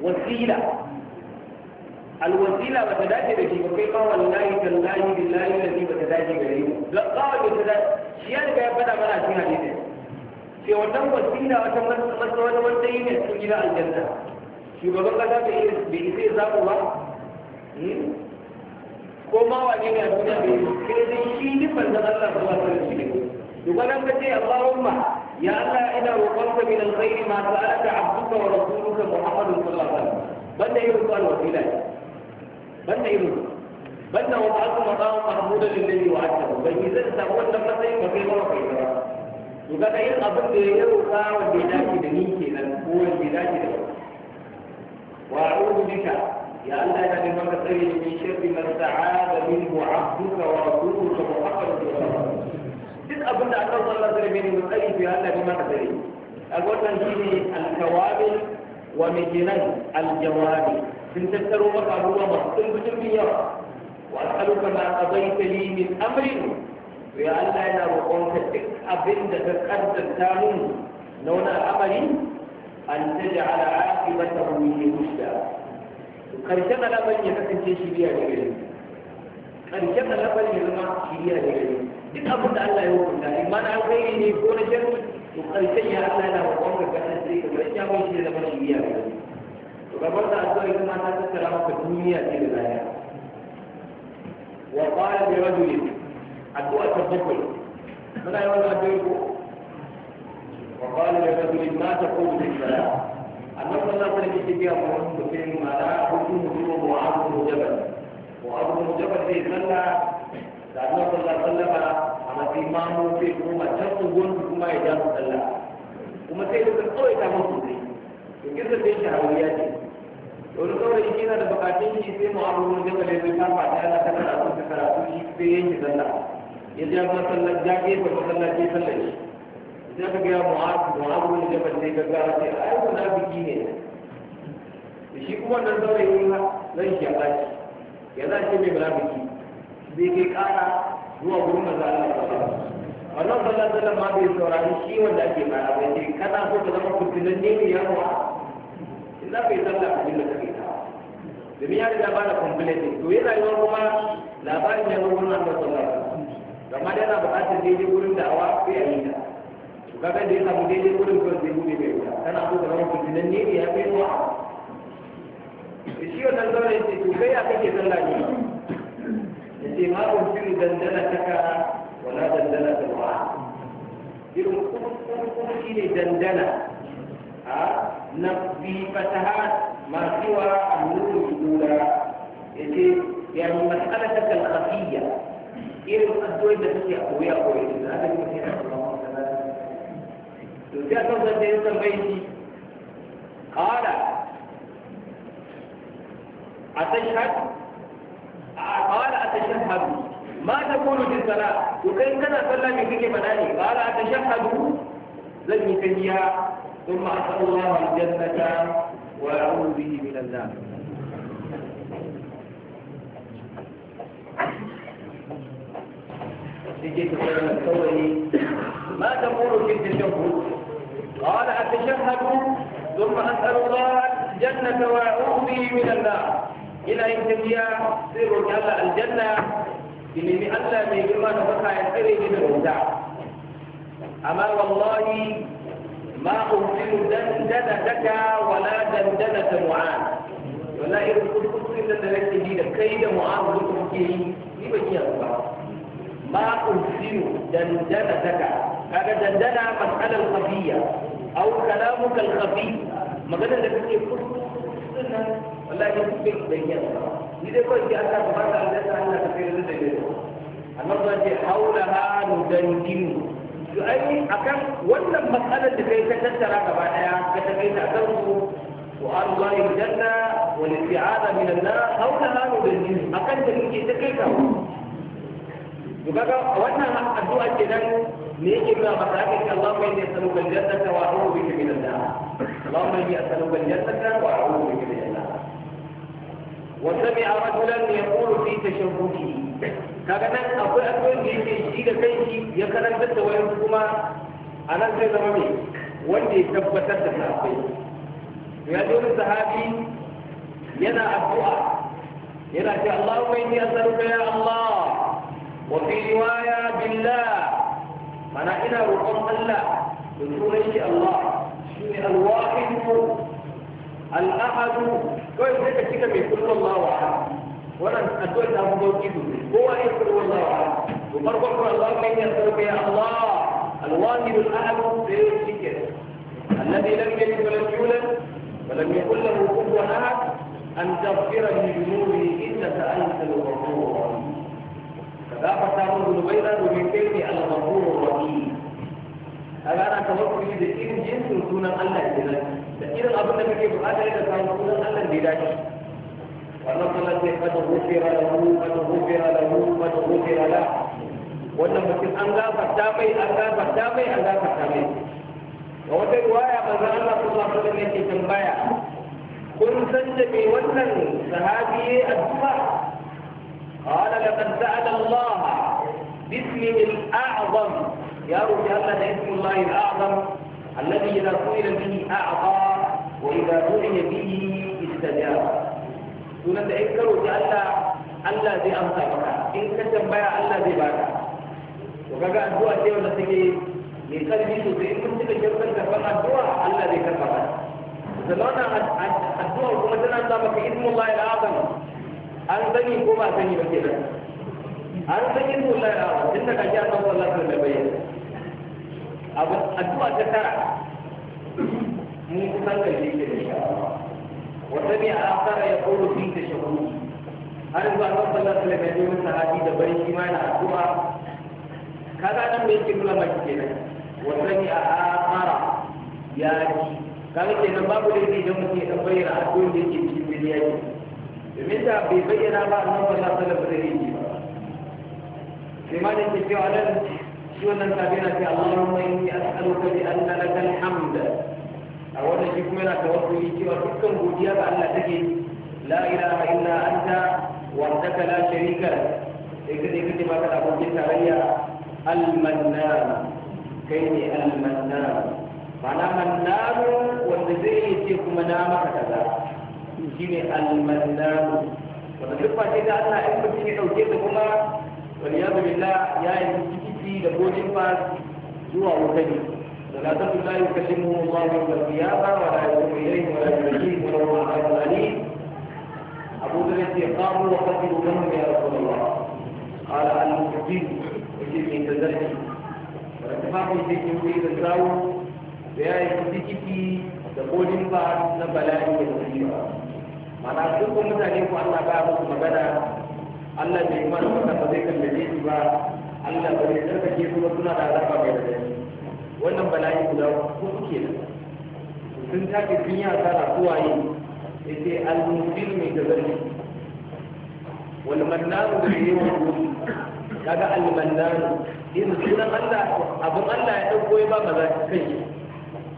wasila alwasila ba ta dace da shi kai ma wallahi tallahi billahi lazi ba ta dace da shi ba kawai ba ta shi ya riga ya faɗa mana cikin hadisi sai wannan wasila wata masa wani wanda yi ne cikin gida aljanna shugaban kasa bai isa ya zaɓu ba hmm? ko ma wane a duniya bai sai dai shi nufin da Allah ba ba sai shi ne duk ya ina ne banda irin banda wa ba'atu maqam mahmuda lillahi wa ajjal bai yi zai samu wannan matsayin ba kai ba kai ba to kaga yin abin da ya roƙa wanda ya dace da ni kenan ko wanda ya dace da wa a'udhu bika ya Allah ina neman ka tsare ni min sharri man sa'ada minhu 'abduka wa rasuluka Muhammadun sallallahu alaihi wasallam duk abin da Allah sallallahu alaihi wasallam ya tsare ya Allah neman ka tsare ni a wannan shine al-kawamil wa mijinan al-jawami sun tattaro maka ruwa masu ɗumbin yawa wa as'aluka ma qadaita li min amrin to ya Allah yana roƙonka duk abin da ka kaddanta mun na wani al'amari an taj'ala aqibatahu min rushda to karshen al'amari ya kasance shi biya ne gare karshen al'amari ya zama shi biya ne gare duk abin da Allah ya hukunta imana alkhairi ne ko na sharri to karshen ya Allah yana roƙonka kasance ka karshen abin shi zama biya ne kamar da addu'a ita ma ta tattara maka duniya ce da lafiya wa qala bi rajulin addu'a ta bakwai muna yi wannan addu'a ko wa qala bi rajulin ma taqulu bi salat annabi sallallahu alaihi wasallam yake cewa mutum ma da hukumu wa abu jabal wa abu jabal sai sallah da annabi sallallahu alaihi wasallam amma sai mamu sai kuma can unguwar kuma ya ja su sallah kuma sai da kawai ta mutu sai to kirkin da ya shahariya ce wani saurayi shi na da bukatun shi sai mu'amalar jama'a da zai kafa ta yana kan karatu da karatu shi sai yanke sallah ya ja masallar ke gefe masallar ke sallar shi sai ka gaya mu'amalar jama'a sai ka gara ce ai kuna biki ne shi kuma nan yi ne zan shi ya ɓaci ya za shi mai munafiki zai kai ƙara zuwa gurin maza Allah ta ba wannan sallar sallar ma bai saurari shi wanda ake mara bai kana so ka zama fitinan ne ya ruwa za ka yi sallah abin da kake ta domin ya riga ba da complaint to yi yawan kuma labarin ya zo na da sallah amma dai yana buƙatar daidai wurin da'awa sai a yi ta to kaga da ya samu daidai wurin kan zai bude bai wuta kana so ka zama fitinan ne ya kai wa shi wannan zaune ce to kai ya kake sallah ne ya ce ma kuntu dandana ta ka wala dandana ta ba irin kuma kuma shi ne dandana ha na bifataha masuwa a nuna gudura ya ce ya yi matsala ta kalfafiya irin addu'ai da suke a koyi a koyi da za ta yi mutane a to ta kawai da yi tambayi shi kawada a san shaɗi kawada a san shaɗi ma ta kono jin sana to kai kana sallah mai kake mana ne kawada a san shaɗi zan yi ta ثم أسأل الله الجنة وأعوذ به من النار ما تقول في التشهد قال أتشهد ثم أسأل الله الجنة وأعوذ به من النار إلى أن تبيع سر الجنة الجنة بلمي ألا من جمال فتح يسري من الوزع أما والله ما أرسل دندنتك ولا دندنة معاذ ولا إرسل كل دندنتك دي كيد معاذ لتمكيه دي بكي ما أرسل دندنتك هذا دندنة مسألة الخفية أو كلامك الخفي magana da kake kurkuku nan wallahi duk bai bayyana ni dai kawai ki Allah ba ta Allah ta Allah ta kai da dai Allah ba ce haulaha nudanginu ai akan wannan matsalar da kai ta tattara gaba daya ka ta kai ta kan su su'al Allah janna wa isti'aza min an-nar hawla hanu bil jinn akan da kike ta kai ka to kaga wannan addu'a kenan ne yake nuna maka haka ce Allah mai ne sanuka jannata wa a'udhu bika min an-nar Allahumma inni as'aluka jannata wa a'udhu bika min an وسمع رجلا يقول في تشربه كان أبو في يشيد فيه يكرم بس ويقوم أنا في زمامي وأني تبت تبت نعطي يقول الصحابي ينا أبو ينا يا الله وإني أسألك يا الله وفي رواية بالله فنحن رقم الله من دون الله الواحد الأحد كويس هيك كده بيقول الله أحد وانا الدول ده هو موجود هو يقول الله أحد وبرضه يقول الله من يقول يا الله الواحد الأحد في كده الذي لم يكن ولم يولد ولم يكن له كفوا أحد أن تغفر لذنوبه إنك أنت الغفور الرحيم فلا فتعمل بينا بمثل الغفور الرحيم a rana kamar kuri da irin jinsin sunan Allah ke nan da irin abin da kake bukata da samun sunan Allah da ya dace wannan kuma sai kada gufira lahu kada gufira lahu kada gufira la wannan mutum an gafarta mai an gafarta mai an gafarta mai ga wata riwaya manzo Allah sallallahu alaihi wasallam yake tambaya kun san da me wannan sahabi ya addu'a قال لقد سأل الله باسمه الأعظم يا رب هذا اسم الله الأعظم الذي إذا قيل به أعطى وإذا دعي به استجاب دون تذكر جعل الله ذي أمتك إن كتب بيع الله ذي بعد وكذا أدوى شيء ونسيك لقد جيسو ذي إن كنت كتب كتبنا أدوى الله ذي كتبنا زلونا أدوى وكما جنا أنت اسم الله الأعظم أنتني كما تني بكذا an san yin wallahi a tun da kaji a san wallahi da bai abu addu'a ta tara mun kusan da shi ke da shi wata ne a asara ya koro fi da shahudi har zuwa san wallahi da bai mun sahabi da bai shi ma na addu'a kaga nan me yake nuna maki kenan wata ne a asara ya ji kaga kenan babu da yake idan mutum ya dan bayyana addu'a da yake cikin miliyan domin da bai bayyana ba annabi sallallahu alaihi wasallam da yake ba لماذا تجيء لنا سوى اللهم إني أسألك بأن لك الحمد أولا شكو منا توكلي سوى تكن بوديا بأن تجد لا إله إلا أنت وحدك لا شريك لك إكتب إكتب هذا أبو جسرية المنان كيني المنان معنى منان والذي يتيك منامك كذا شيني المنان wanda duk ba sai da Allah in wani بالله يا ya لبوت الفاس جوا boarding فلا تقل لا يكلمهم الله يوم القيامة ولا يقوم إليه ولا يزكيه وله عذاب أليم أبو ذر يقام وقتلوا لهم يا رسول الله قال أنا مستقيم وجدني تزكي ولكفاق في تنوير الزاو فيا يكتكي لبوت الفاس ba na bala'i da musiba mana duk mutane ko Allah bai mana wata ba zai kallace shi ba Allah ba zai tsarkake su ba suna da azaba mai da wannan bala'i guda ko kuke da sun take sun yi asara suwaye ya ce al-mufil mai tazarri wal mannanu da Ta ga kaga al-mannanu in sunan Allah abin Allah ya ɗauko ya ba maza kan shi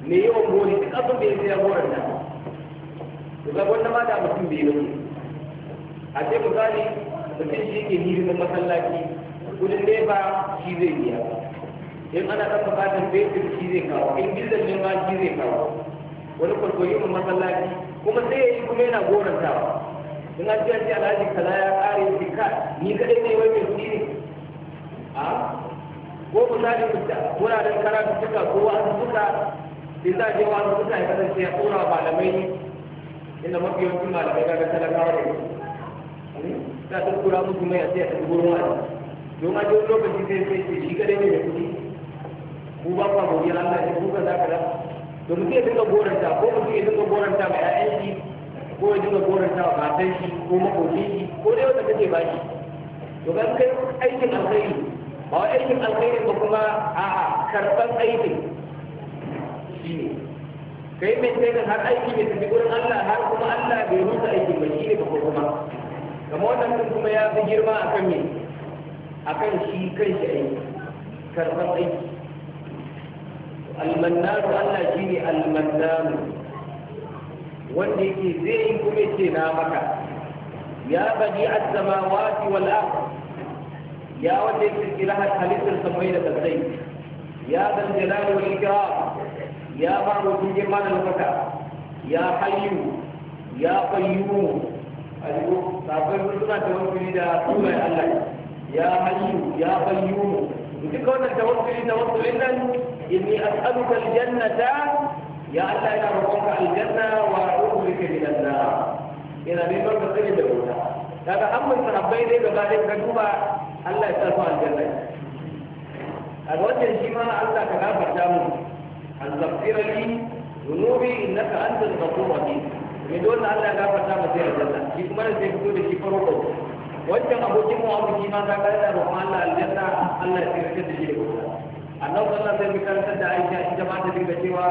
me yawan gori duk abin da ya sai ya goran da ga wannan ma da mutum bai yi a ce misali mutum shi ke hidimin masallaci kudin leba shi zai biya in ana ɗan buƙatar fetur shi zai kawo in gizon ne ma shi zai kawo wani kwarkwari mun masallaci kuma sai ya yi kuma yana gorantawa in an ce alhaji ya ƙare shi ka ni kaɗai ne mai ne a ko misali wuraren karatu suka ko wasu suka sai za a je wasu suka ya kasance ya ɗora malamai inda mafi yawancin malamai kaga talakawa za ta kura musu mai a sai a tafi don a lokaci sai sai ce shi kadai ne da kuɗi ku ba ku gobe Allah ne ku kaza kaza to mutum ya dinga goranta ko mutum ya dinga goranta ma ƴaƴan shi ko ya dinga goranta wa matan shi ko makokin shi ko dai wanda kake ba shi to ga kai aikin alkhairi ba a aikin alkhairi ba kuma a'a karɓar aikin shi kai mai sai har aiki mai tafi gurin Allah har kuma Allah bai rusa aikin ba shi ne ba kuma kamar wannan din kuma ya fi girma akan me akan shi kan shi aiki karɓar aiki almannanu Allah shi ne almannanu wanda yake zai yi kuma ce na maka ya bani azzama, samawati wal ardh ya wanda yake kira halittar samai da kasai ya dan jalali wal ikram ya ba mutum girma da lokaka ya hayyu ya qayyum ayo sabai sun suna tawakkuli da sunan Allah ya hayyu ya qayyum duka wannan tawakkuli tawakkulin nan inni as'aluka aljannata ya Allah ina roƙonka aljanna wa a'udhu bika minan nar ina neman ka tsare da wuta daga amman sahabbai dai gaba ɗaya ka duba Allah ya sa aljanna a wannan shi ma Allah ka gafarta mu al-ghafira li dhunubi innaka antal ghafurur rahim mai da wanda Allah ya gafarta masa ya aljanna shi kuma da zai fito da shi faro ko wancan abokin mu abu shi ma ta kare da roƙon Allah aljanna Allah ya tsira da shi da kuma annabi sallallahu alaihi wasallam da Aisha shi ma ta dinga cewa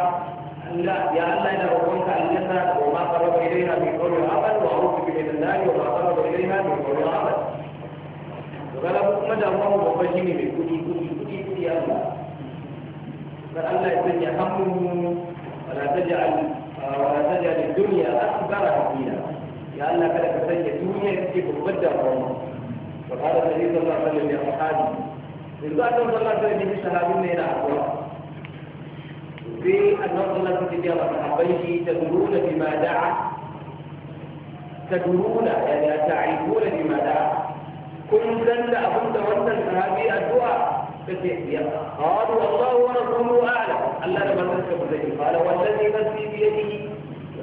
Allah ya Allah ya roƙon ka aljanna ko ma faro ko qaraba ilayha min qawli amal wa a'udhu bika da an-nar faro ko qaraba ilayha min qawli amal to kana kuma da mu babban shi ne mai kudi kudi kudi kudi Allah dan Allah ya sanya hannu ba hammu wala taj'al ولا تجعل الدنيا أكبر همنا لأنك لك كذا الدنيا يكتب مبدا قوم وقال النبي صلى الله عليه وسلم يا صحابي من بعد صلى الله عليه وسلم الصحابين إلى أقوى في أن صلى الله عليه وسلم صحابيه تدرون بما دعا تدرون يعني تعرفون بما دعا كل سنة أبنت وأنت الصحابي الدعاء قالوا الله ورسوله أعلم ألا لما تنسب الذي قال والذي نفسي بيده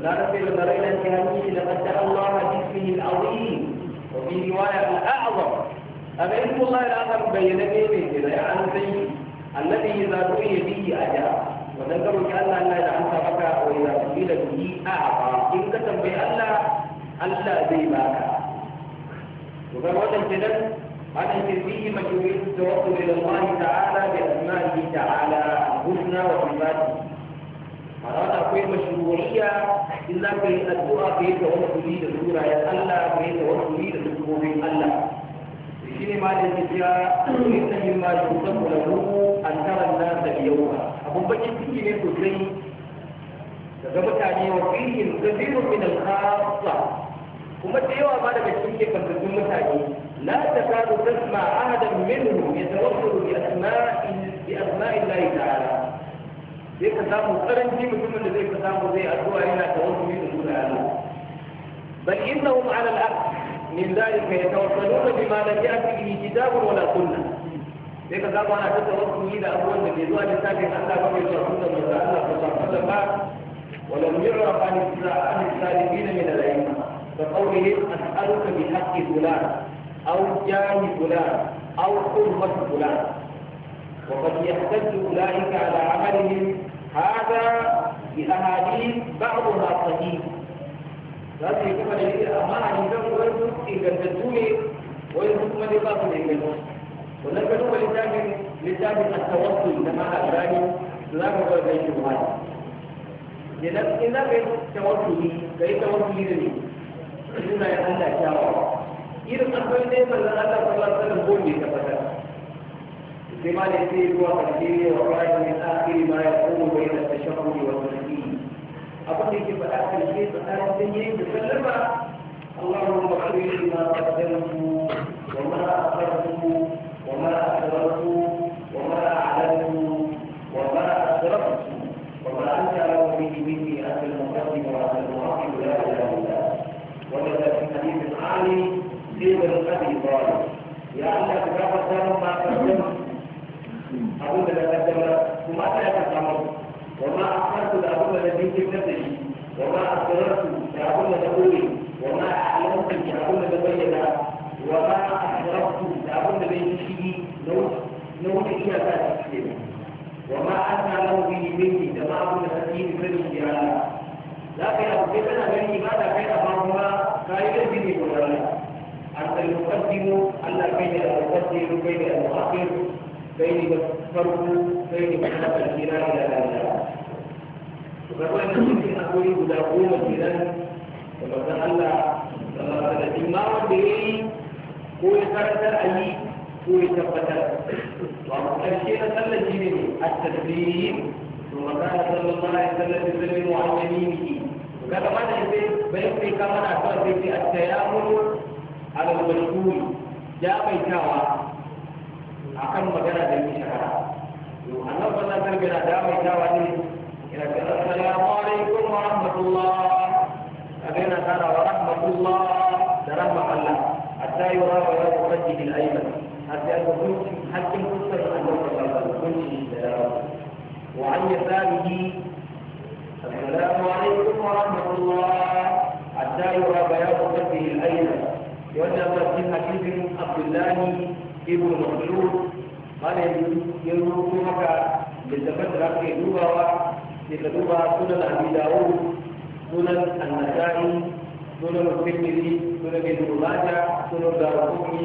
لا نفسي لمرينا انتهامه لقد دعا الله باسمه العظيم وفي رواية الأعظم أما اسم الله الأعظم بينني من جلع سيدي الذي إذا روي به أجاب وذكر كأن الله إذا أنت بكى وإذا سئل به أعطى إن كتب بأن الله زي باكى وكان هذا هذا فيه مجهول التوكل الى الله تعالى باسمائه تعالى الحسنى وصفاته مرات اكوي مشروعيه الا في الدعاء في توكلي للسوره يا الله في توكلي للسوره الله shine ma da ke cewa inna mimma yusabu lahu an tara an-nas al ba. abun bakin ciki ne sosai daga mutane wa min al kuma da yawa ba daga cikin kantattun mutane لا تكاد تسمع أحدا منه يتوصل بأسماء بأسماء الله تعالى في قسام مقرن في مجمع الذي قسامه زي أدوى هنا توصل في نزول آله بل إنهم على العكس من ذلك يتوصلون بما لم يأتي به كتاب ولا سنة في قسام أنا تتوصل إلى أبوى النبي زوال الثاني حتى كم يشرحون من ذلك فصفت ما ولم يعرف عن السالفين من العلم كقولهم أسألك بحق فلان أو جاه فلان أو حرمة فلان وقد يحتج أولئك على عملهم هذا بأحاديث بعضها صحيح za su yi kuma da shi amma a cikin wani hukunci gantattu ne wani kuma ne ba su da ingantu wannan ka duba littafin littafin at-tawassul da ma al-rani za ka ga da shi wani idan in za ka yi tawassuli ka yi tawassuli da ne suna yin Allah kyawawa irin akwai ne manzan Allah ta alaihi wasallam ko ne tabbata sai ma ne sai zuwa karshe wa qala min akhiri ma yaqulu bayna at-tashahhud wa at-tasbih da yake faɗa karshe tsakanin sai yayin da sallama Allahumma qul lima qaddamtu abin da na kaddamar kuma ta ya samu wa ma da abin da na jinkirtar da shi wa ma akartu da abin da na koyi wa ma da abin da na bayyana wa ma akartu da abin da na yi shigi na wuce iya sa shi ke wa ma asna lahu bihi minni da ma abin da na yi sani ya Allah za ka yi abu sai kana gani ba da kai amma kuma ka yi da jini ko da أنت المقدم ألا بين المقدم بين المؤخر بين فرق بين مطلق الجيران إلى الآخرة وكما أن في أقول إذا قوم الجيران كما تخلى ما وجهه هو يفرد أي هو يتفتر والشيء صلى الجيران التدبير ثم قال صلى الله عليه وسلم يسلم عن يمينه وكما ماذا يقول بين كما أثر في التيامن على المشهور جاء بيتاوى akan magana da yi shahara yau annabi sallallahu alaihi wasallam da mai tawa ne ina ga assalamu alaikum wa rahmatullah kaga yana tsara wa rahmatullah da rahmat Allah hatta yura wa ya tsaji bil ayman hatta an kunci hakkin kusur annabi sallallahu alaihi wasallam kunci da wa an yasalihi السلام عليكم ورحمة الله حتى يرى بياض قلبه الأيمن يوجد في حديث عبد الله ibn mas'ud malamin ya rubuto maka littafin da zaka dubawa ka duba sunan abi dawud sunan an-nasa'i sunan tirmidhi sunan ibn majah sunan darqutni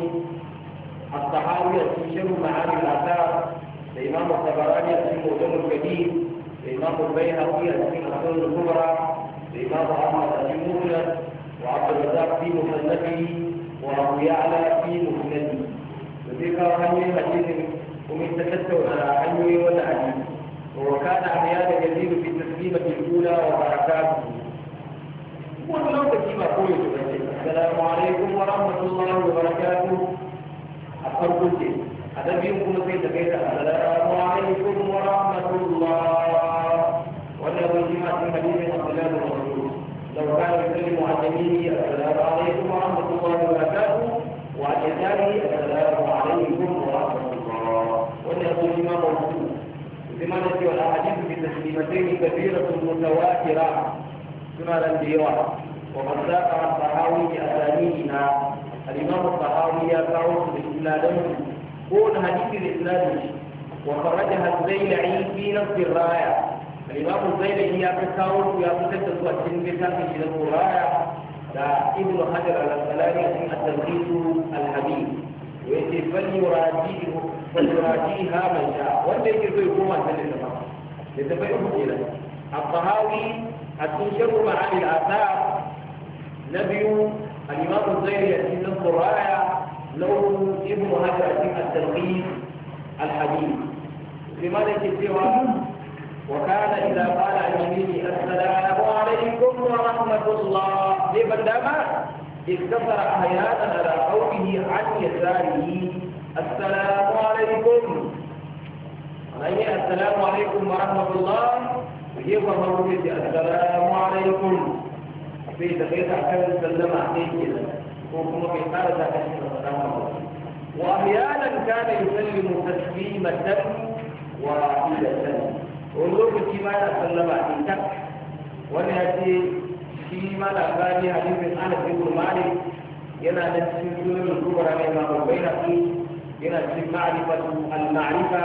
في شر معاني الاثار الامام الطبراني في موضوع الكبير الامام البيهقي في السنن الكبرى الامام احمد في مسند وعبد الرزاق في مسنده وابو يعلى في مسنده zai kawo hanyoyin ومن kuma ita tattauna وكان عيانا يزيد في التسليمة الأولى وبركاته ولو تكيما قوي السلام عليكم ورحمة الله وبركاته أفضل كل شيء هذا بيمكن في تبيت السلام عليكم ورحمة الله ولا بيجمع المدينة مدينة الله ورسوله لو كان يسلم عن يمينه السنة والأحاديث تسليمتين كثيرة متواترة لم يرى ومن ساق الطحاوي بأسانيدنا الإمام يا يقول بإسناده قول حديث الإسناد وخرجها الزيلعي في نفس الراية الإمام الزيلعي يا مسدس تسوى التنبيه في نفس الراية ابن حجر على في التلخيص الحديث yake falyurajiha man sha wanda yake so ya koma ta littafa littafai uku kenan الطهاوي التنشر معاني الآثار نبي الإمام الزيري في نص الراية لو ابن هجر في التلقيم الحديث لماذا سوى وكان إذا قال عن يمينه السلام عليكم ورحمة الله لمن دام اكتفى احيانا على قوله عن يساره السلام عليكم عليه السلام عليكم ورحمه الله هي ومروه السلام عليكم في تقيت احكام سلم عليه كده وكما في حاله السلام واحيانا كان يسلم تسليمه واحده انظر في ماذا سلم عليه ولهذه shi mana sani hadisin anas bin malik yana da cikin sunan kubra ne ma bai na yana cikin ma'rifatu al-ma'rifa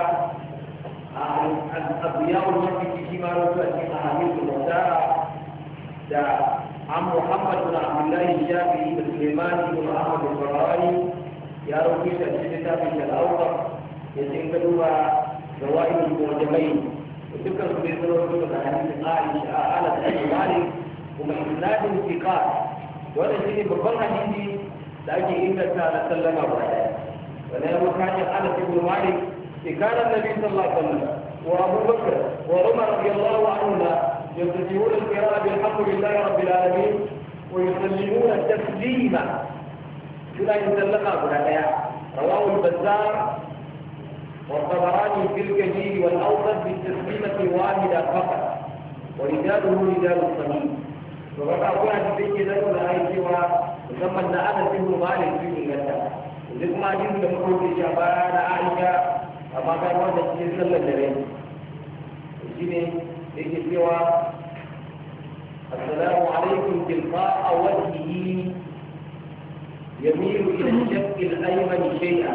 al-abiyaul mafi shi ma rasu a cikin ahadithul mutara da عن محمد بن عبد الله الشافعي بن سليمان بن احمد البراري يا ربي تسجيل كتابك الاوسط يتم تدوبا زوائد المعجبين وذكر في سوره الحديث عائشه على ابي مالك kuma isnadin fiqat wanda shine babban hadisi da ake inganta na sallama ba daya wala ya ruka ne Anas ibn Malik ke kana Nabi sallallahu alaihi wasallam wa Abu Bakr wa Umar radiyallahu anhuma يستجيبون القراءة بالحق لله رب العالمين ويسلمون التسليم كلا يسلق أبناء رواه البزار والطبراني في الكثير والأوسط بالتسليمة واحدة فقط ورجاله رجال الصميم domin abuwa da suke zai nuna ai cewa musamman na ana cikin malin su inganta duk ma jin da muka wuce a baya na aisha amma kai wanda cikin sallar da rai shi ne yake cewa السلام عليكم تلقاء وجهه يميل إلى الشق الأيمن شيئا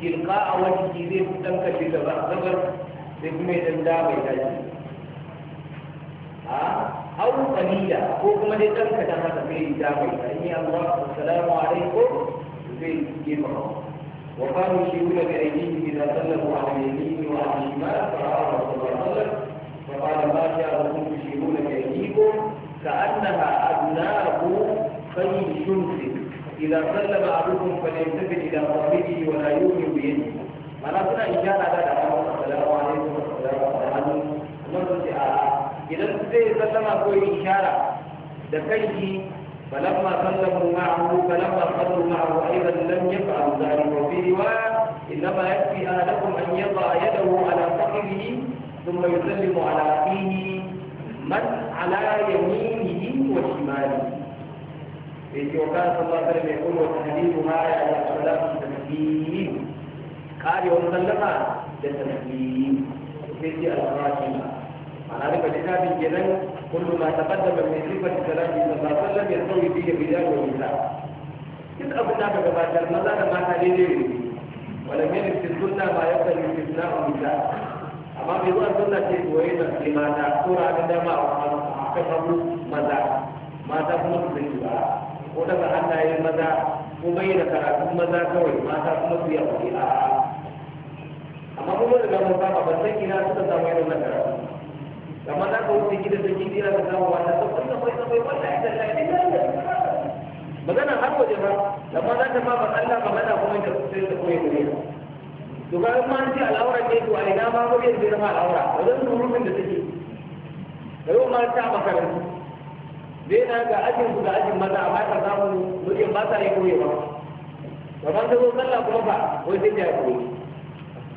تلقاء وجهه ذي تنكشف تبغر ذي ميت الدابة أو قليلا وكما دي تنكا تنكا في الإجابة إني الله السلام عليكم في الإجابة وكانوا يشيرون بأيديهم إذا سلموا على اليمين وعلى الشمال فرأى رسول الله صلى الله عليه وسلم فقال ما جاءكم تشيرون بأيديكم كأنها أبناء خير شمس إذا سلم أحدكم فليلتفت إلى صاحبه ولا يؤمن بيده معناتها إن كان هذا السلام عليكم السلام عليكم ومن آه Idan zai sallama koyin shara da kaiƙi bana masallacin mako bana masallacin mako a yi banan ƴan ba a maza a yi mafi riwa ina mahaifi a dafa a ƴan ba a yadda al'adun mu al'adun mu al'adu sun mai sallinmu al'adu mas'alajen mu yi wa himari. Bai kyau ka sun ba kai mai kuma wa kalli kuma ya yi a masallacin zazzaɓi kaɗewa masallaca على ذلك الكتاب جدا كل ما تقدم من صفة كلام صلى الله عليه وسلم يستوي فيه الرجال والنساء إذ أبناء بقبات المدى ما تليدين ولم يرد في السنة ما يقتل استثناء النساء أما في ذو السنة تقوين لما تأثر عن دماء وحكفه مدى ما تكون في الجباء ودفع أن المدى مبين كراكم مدى كوي ما تكون في أولئك amma kuma daga mun saba ban san ina suka samu irin na karatu kamar za ka wuce gidan da gidi ka samu wata to kun akwai akwai wallahi da Ba magana har waje ba amma za ta ba ba Allah magana kuma da sai da koyi gare ka to ga kuma an ce al'aura ne to a ina ma ko yin zirma al'aura Ba zan wajen nurufin da take da yau ma ta makarantu Zai na ga ajin su da ajin maza amma ka samu mutum ba sa yi Ba kamar ta zo sallah kuma ba wai sai ta yi koyi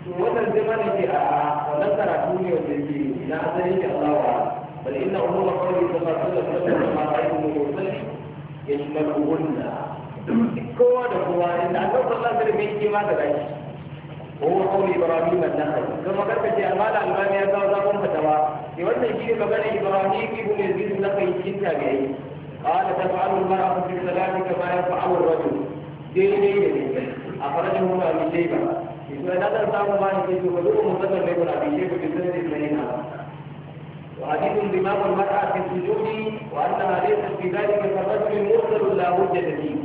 wannan zai mana ke a wannan karatu ne wanda ke na asali ke Allah wa bal inna umma qawli sallallahu alaihi wasallam ma ra'aytu mursalin yashmaluhunna kowa da kowa inda Allah sallallahu alaihi wasallam yake ma da gashi هو قول ابراهيم النخعي كما قد في اعمال الباني يزاو زاكم فتوى يوزن شيء مبني ابراهيم ابن يزيد النخعي جن تابعي قال تفعل المرأة في الصلاة كما يفعل الرجل دين دين أخرجه أبي شيبة فلا تنسوا المرأة في السجود وأنها ليست في ذلك كالرجل مرسل لا وجد فيه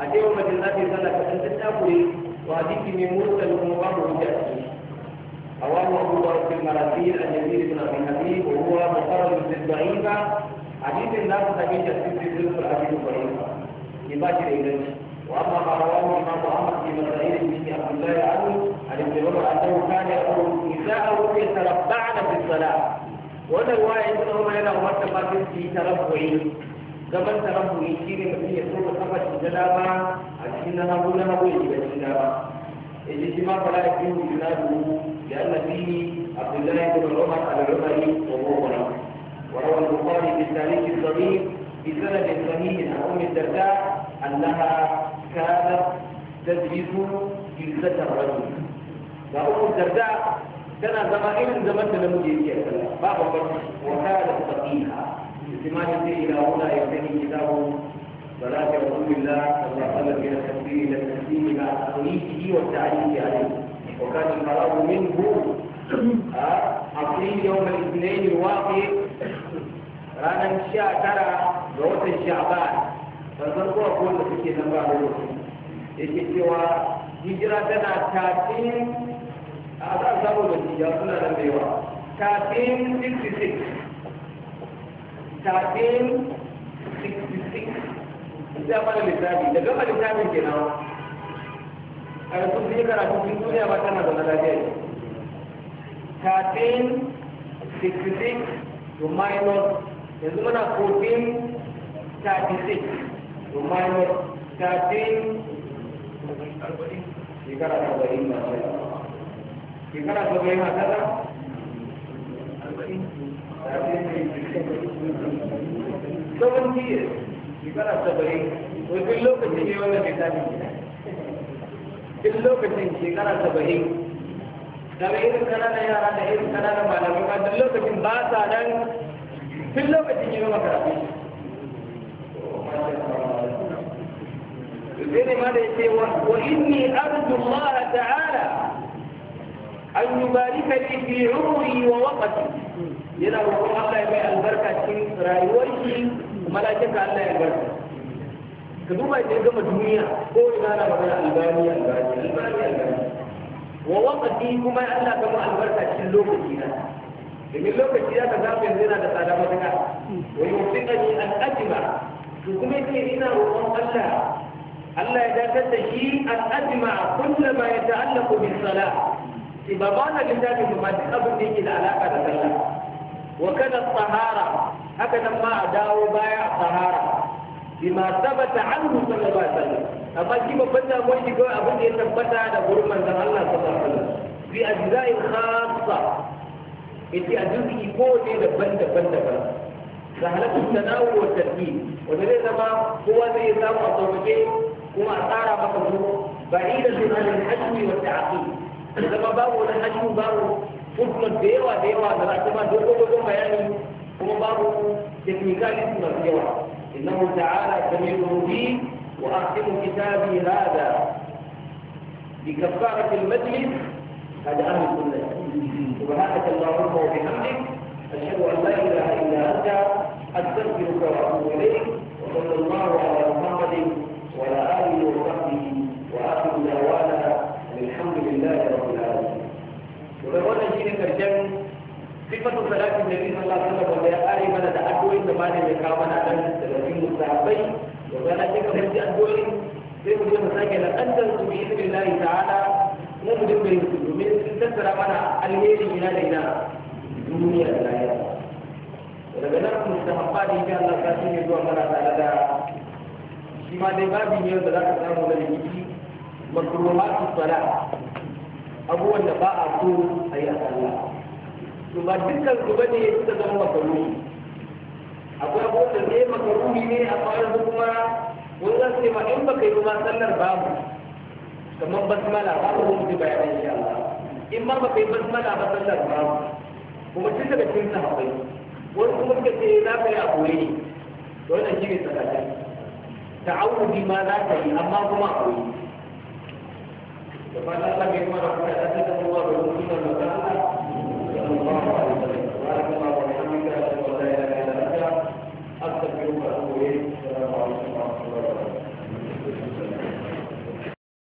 أتيه مجلات سنة أن تتأكل وحديث من مرسل ومقام وجد رواه أبو بكر المراسيل عن يزيد بن أبي حبيب وهو مقرر بالضعيفة حديث الناس تبيت في سلسلة الحديث الضعيفة لباشر إليه وأما ما رواه الإمام أحمد في مسائل ابن عبد الله عنه عن ابن عمر انه كان يقول نساءه يتربعن في الصلاه وهذا روايه ابن عمر انا عمرت ما في تربعي zaman tarabbu'i shi ne mutum ya so kafa shi da dama a cikin na hagu na hagu ya shiga cikin dama yaji shi ma fara fi yunadu da annabi abdullahi bin umar al-rumari wa mawla wa rawa al-bukhari bi tarikh al-sahih bi sanad sahih an umm al-darda annaha kanat tadrisu jilzat ar-rajul ga uku darda tana zama irin zaman da namiji yake a sallah ba babbar wata da sabiha kuma ta ce رسول الله صلى الله عليه وسلم من التكبير إلى التسليم مع تقريبه والتعليم عليه وكان الفراغ منه أقريب يوم الاثنين الواقع رانا الشاء ترى لوت الشعبان فالفرق أقول لك كي نبع لوت يجي سوى هجرة تنا تاتين a za a samu da suna da yawa kafin 66 fara lissafi da ga lissafin ke nawa a yanzu sun yi karatu sun duniya ba tana na lafiya ne minus yanzu muna 14 to minus 13 shekara 40 na shekara gaba yana kaza seventy years shekara saba'in wajen lokacin ne wannan littafin gida lokacin shekara saba'in daga irin kananan yara da irin kananan malamai ma duk lokacin ba sa nan duk lokacin ne makaratu sai ne ma da ya ce wa inni arju ta'ala أن يبارك لي في عمري ووقتي لأن الله الله يبقى البركة في وجهي وما لا ملائكة الله البركة كدوما يتلقى مدنيا هو إذا أنا مدنى ألبانيا ووقتي كما يألا كما البركة في اللوكة فينا لأن اللوكة فينا تزام ينزينا لسالة مدنى ويوفقني أن أجمع كما يتلقى لنا الله الله يجب أن أجمع كل ما يتعلق بالصلاة إبابانا جنداني بمادي أبن ديكي لعلاقة دلالة وكان الطهارة أبدا ما أداو بايع طهارة بما ثبت عنه صلى الله عليه وسلم أما كيف بدا مويد قوي أبن دي يتبتا على قرم من الله صلى الله عليه وسلم في أجزاء خاصة إذا أجزاء يقول إلى بند بند بند سهلة التناول والتركيب ودليل ما هو ذي يتاو أطرقين وما أطارا مقصود بعيدة عن الحجم والتعقيد da zama babu wani hannu babu fulfulon da yawa da yawa da za a kuma dogon bayani kuma babu technicalities masu yawa إنه تعالى سميع بي وأختم كتابي هذا بكفارة المجلس هذا أهل السنة سبحانك اللهم وبحمدك أشهد أن لا إله إلا أنت أستغفرك وأتوب إليك وصلى الله على محمد وعلى آله bai wannan shine karshen sifatu salatin nabi sallallahu alaihi wasallam wanda ya kare mana da addu'o'in da malam ya kawo mana dan daga cikin musahabai da wannan sai kamar ji addu'o'in sai mu je mu sake na kaddar su bi idnillahi ta'ala mu mu dinga yin su domin sun tattara mana alheri ina da ina duniya da lahira daga nan mustahabba da yake Allah ta shi ne zuwa mana tare da shi ma dai babu ne da za ka samu da yake makruhatu salat abubuwan da ba a so a yi a tsalla to ba dukkan su bane fita zama makaruni akwai abubuwan da ne makaruni ne a fara kawai kuma wani zan ce ma in baka yi ma sallar babu kamar basmala ba babu wani ji bayanan insha Allah in ma baka yi basmala ba sallar babu kuma tun daga cikin sahabbai wani kuma suka ce za ka yi a koyi ne wannan shi ne tsakanin ta'awudi ma za ka yi amma kuma a koyi da fatan Allah ya kuma da kuma da ta tabbata da da mutum da